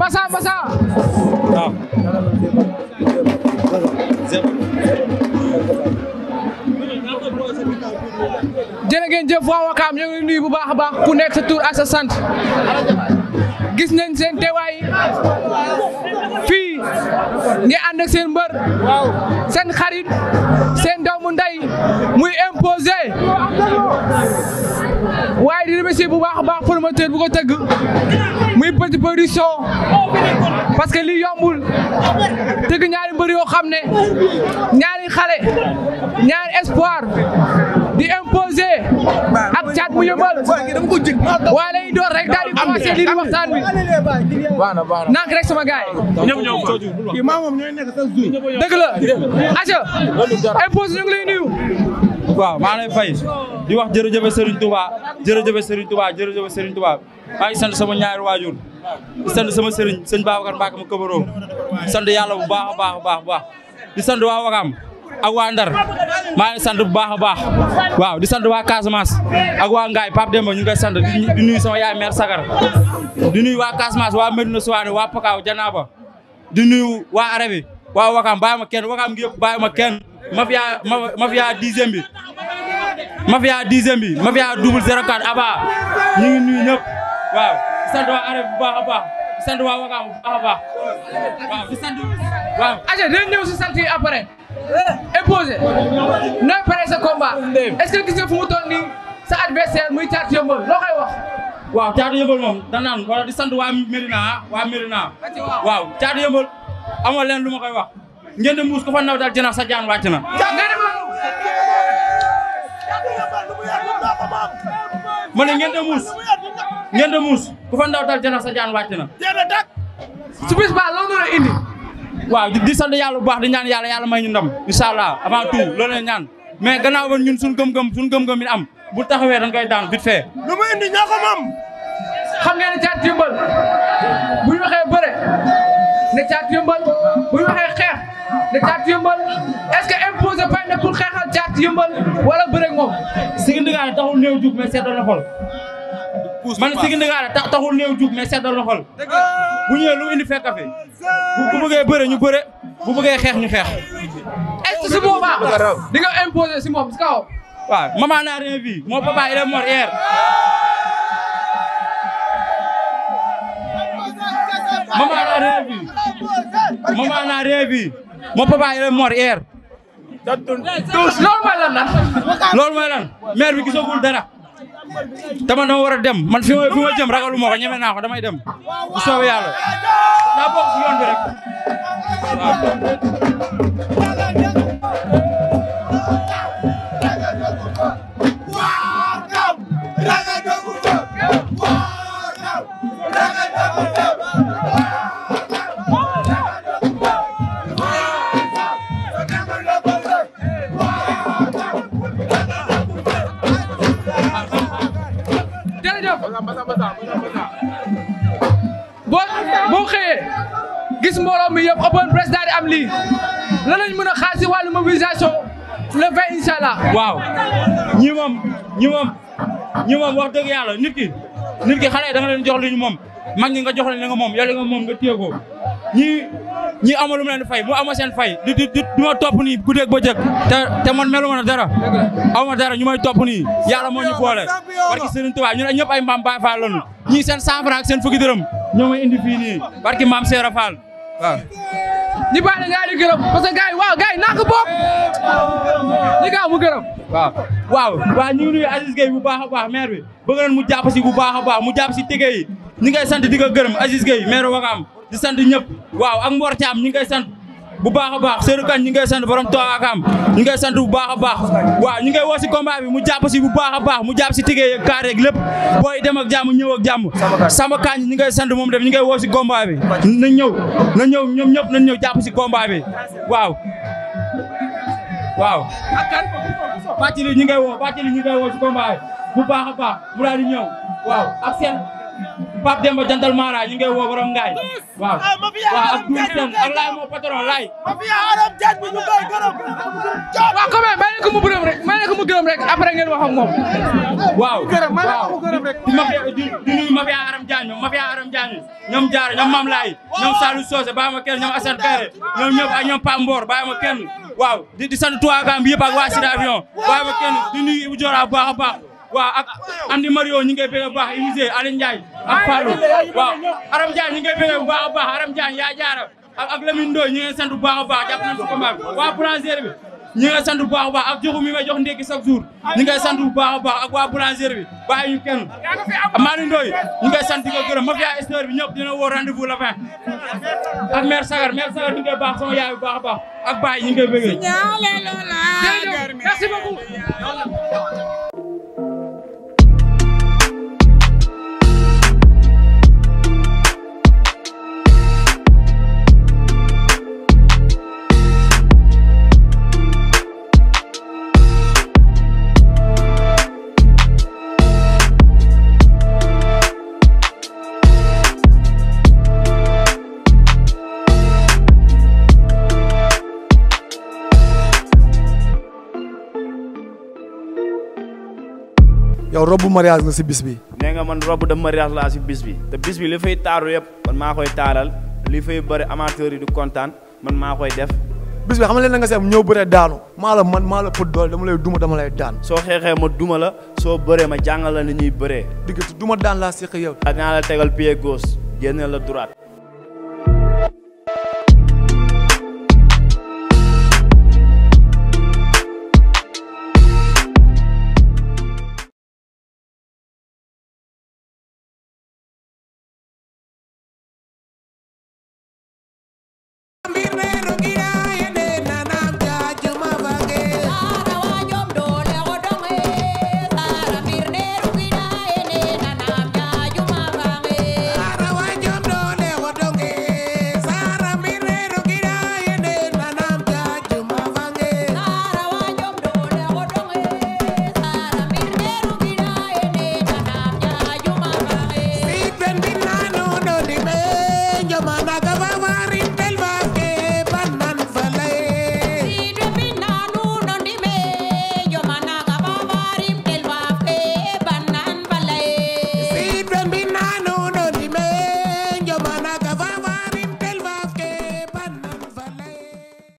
Basa Basa. waaw. jërë ngeen jëf waa Wakaam ñoo bu baax baax ku nekk sa tur gis nañ seen teewaay. ànd ak seen mbër seen xarit seen doomu ndey muy imposé waaye di remercier bu baax a baax promoteur bu ko tëgg muy petit production parce que lii yombul tëgg ñaari mbër yoo xam ne ñaari xale ñaari espoir di imposer ak caat mu yëmbal waaye lay door rek daal di commencé lii di sama gars yi maa moom ñooy nekk sa zuy dëgg la aca imposer ñu ngi lay nuyu waaw maa lay fay di wax jërëjëf Serigne Touba jërëjëf Serigne Touba jërëjëf Serigne Touba maa ngi sant sama ñaari waajur di sant sama Serigne sëñ Babacar Mbacke ma këbaroom sant yàlla bu baax a baax a baax di sant waa Wakaam ak waa Ndar maa ngi sant bu baax a baax waaw di sant waa Casamance ak waa Ngaye Pape Demba ñu sant di nuyu sama yaay mère Sagar di nuyu waa Casamance waa Medina Souane waa Pakaaw Janaaba di nuyu waa Arabi waa Wakaam bàyyi ma kenn Wakaam gi yëpp bàyyi ma kenn mafia mafia dixième bi mafia dixième bi nuyu ñëpp waaw di sant waa Arabi bu baax a baax di sant waa Wakaam bu baax a baax waaw di sant waaw. aja dinañ ñëw imposé eh, nooy pare sa combat est-ce que gis nga fu mu toll sa adversaire muy Thiatou Yeumbeul loo koy wax. waaw Thiatou Yeumbeul moom da naan di sant waa Médina waa Médina waaw Thiatou Yeumbeul amoo leen lu ma koy wax ngeen di mbuus ku fa naw sa jaan wàcc na. ma ne ngeen di muus ngeen di muus sa jaan waaw di sant yàlla bu baax di ñaan yàlla yàlla may ñu ndam incha allah avant tout loolu la ñaan mais gannaaw ba ñun suñu gëm-gëm suñu gëm-gëm mi am bu taxawee dañ koy daan vite fait. lu muy indi ñoo ko moom. xam ngeen ne caat yëmbal bu ñu waxee bëre ne caat yëmbal bu ñu waxee xeex ne caat yëmbal est-ce que imposé fay na xeexal caat yëmbal wala bëre moom. si nga ne taxul néew jug mais xol. puus man Sigi Ndakaar taxul néew jug mais seddal na xol bu ñëwee lu indi fekk fi bu bëggee bëre ñu bëre bu bëggee xeex ñu xeex. est ce que di nga imposer si moom si kaw. ma maman n'a rien vu mon papa il est mort il est mort hier. loolu mooy lan lan. mooy lan maire bi gisagul dara. dama dama war a dem man fi ma fi ma jëm ragalu ma ko ñeme naa ko damay dem bu soobee yàlla daa bokk si yoon bi boo boo xëyee gis mbooloo mi yëpp open press am lii lan lañ mën a xaar si wàllu mobilisation le 20 incha waaw ñi moom ñi moom ñi moom wax dëgg yàlla nit ki nit ki xale da leen jox lu ñu moom mag ñi nga jox leen nga moom yàlla nga moom nga téye ñi ama amalu ma leen fay mu ama seen fay di di di ma topp nii guddeeg bëccëg te te man melu ma dara awma dara ñu may topp nii yàlla moo ñu boole barki Serigne Touba ñu ne ñëpp ay mbaam Baay Faal lañu ñii seen cent franc ak seen fukki dërëm ñoo may indi fii nii barki maam Seera Fall waaw ñi bàyyi gars yi di parce que gars yi waaw gars yi naa ko bokk ñi gaaw mu gërëm waaw waaw waaw ñu ngi nuyu Aziz Gueye bu baax a baax maire bi bëgg nañ mu jàpp si bu baax a baax mu jàpp si tege yi ñi ngay sant di ko gërëm Aziz Gueye maire di sant ñëpp waaw ak Mor Thiam ñu ngi sant bu baax a baax Seydou Kane ñu ngi koy sant borom Touba Akam ñu ngi koy bu baax a baax waaw ñu ngi koy woo si combat bi mu jàpp si bu baax a baax mu jàpp si tigee yeeg kaar yeeg lépp booy dem ak jàmm ñëw ak jàmm sama kañ ñu ngi sant moom dem ñu ngi koy woo si combat bi nañ ñëw nañ ñëw ñoom ñëpp nañ ñëw jàpp si combat bi waaw waaw bàcci li ñu ngi woo bàcci li ñu ngi woo si combat bu baax a baax mu daal di ñëw waaw ak seen Pape Demba jantal Mara ñu ngi woo borom ngaay waaw ah, waaw a Diouf Sène ak laay moo patron laay waaw comme may leen ko mu gërëm rek may leen ko mu gërëm rek après ngeen wax ak moom waaw waaw di mafia di nuyu Aram Diagne mafia Aram Diagne ñoom jaar ñoom Mam Laay ñoom Salou Socé bàyyi ma kenn ñoom Assane Kare ñoom ñëpp ak ñoom Pam Mbor ma kenn waaw di sant tuwaakaan bi yëpp ak waa Sida Avion bàyyi ma kenn di nuyu Ibou Dior baax a baax waaw ak Andi Mario ñu ngi koy bëgg bu baax Ibise Aliou Ndiaye ak Fallou waaw Aram Ndiaye ñu ngi koy baax a baax Aram Ndiaye yaa jaara ak Lamine Ndoye ñu ngi sant bu baax a baax jàpp nañu si a baax ak joxu jox ndékki chaque jour ñu ngi sant baax a baax ak waa boulangerie bi bàyyi ñu kenn Malick Ndoye ñu ngi sant di ko gërëm mafia star bi ñëpp dina woo rendez-vous la fin ak mère Sagar mère Sagar ñu ngi baax sama yaay baax a baax ak Baye ñu ngi koy bëggee yow robu mariage la si bis bi. nee nga man robu de mariage laa si bis bi te bis bi li fay taaru yëpp man maa koy taaral li fay bëri amateurs yi du kontaan man maa koy def. bis bi xam nga leen nga seetlu ñëw bëree daanu maa la man maa la pët doole dama lay duma dama lay daan. soo xeexee ma duma la soo baree ma jàngal la ni ñuy bëree. diggante duma daan laa seq yow. dinaa la tegal pied gauche génne la droite.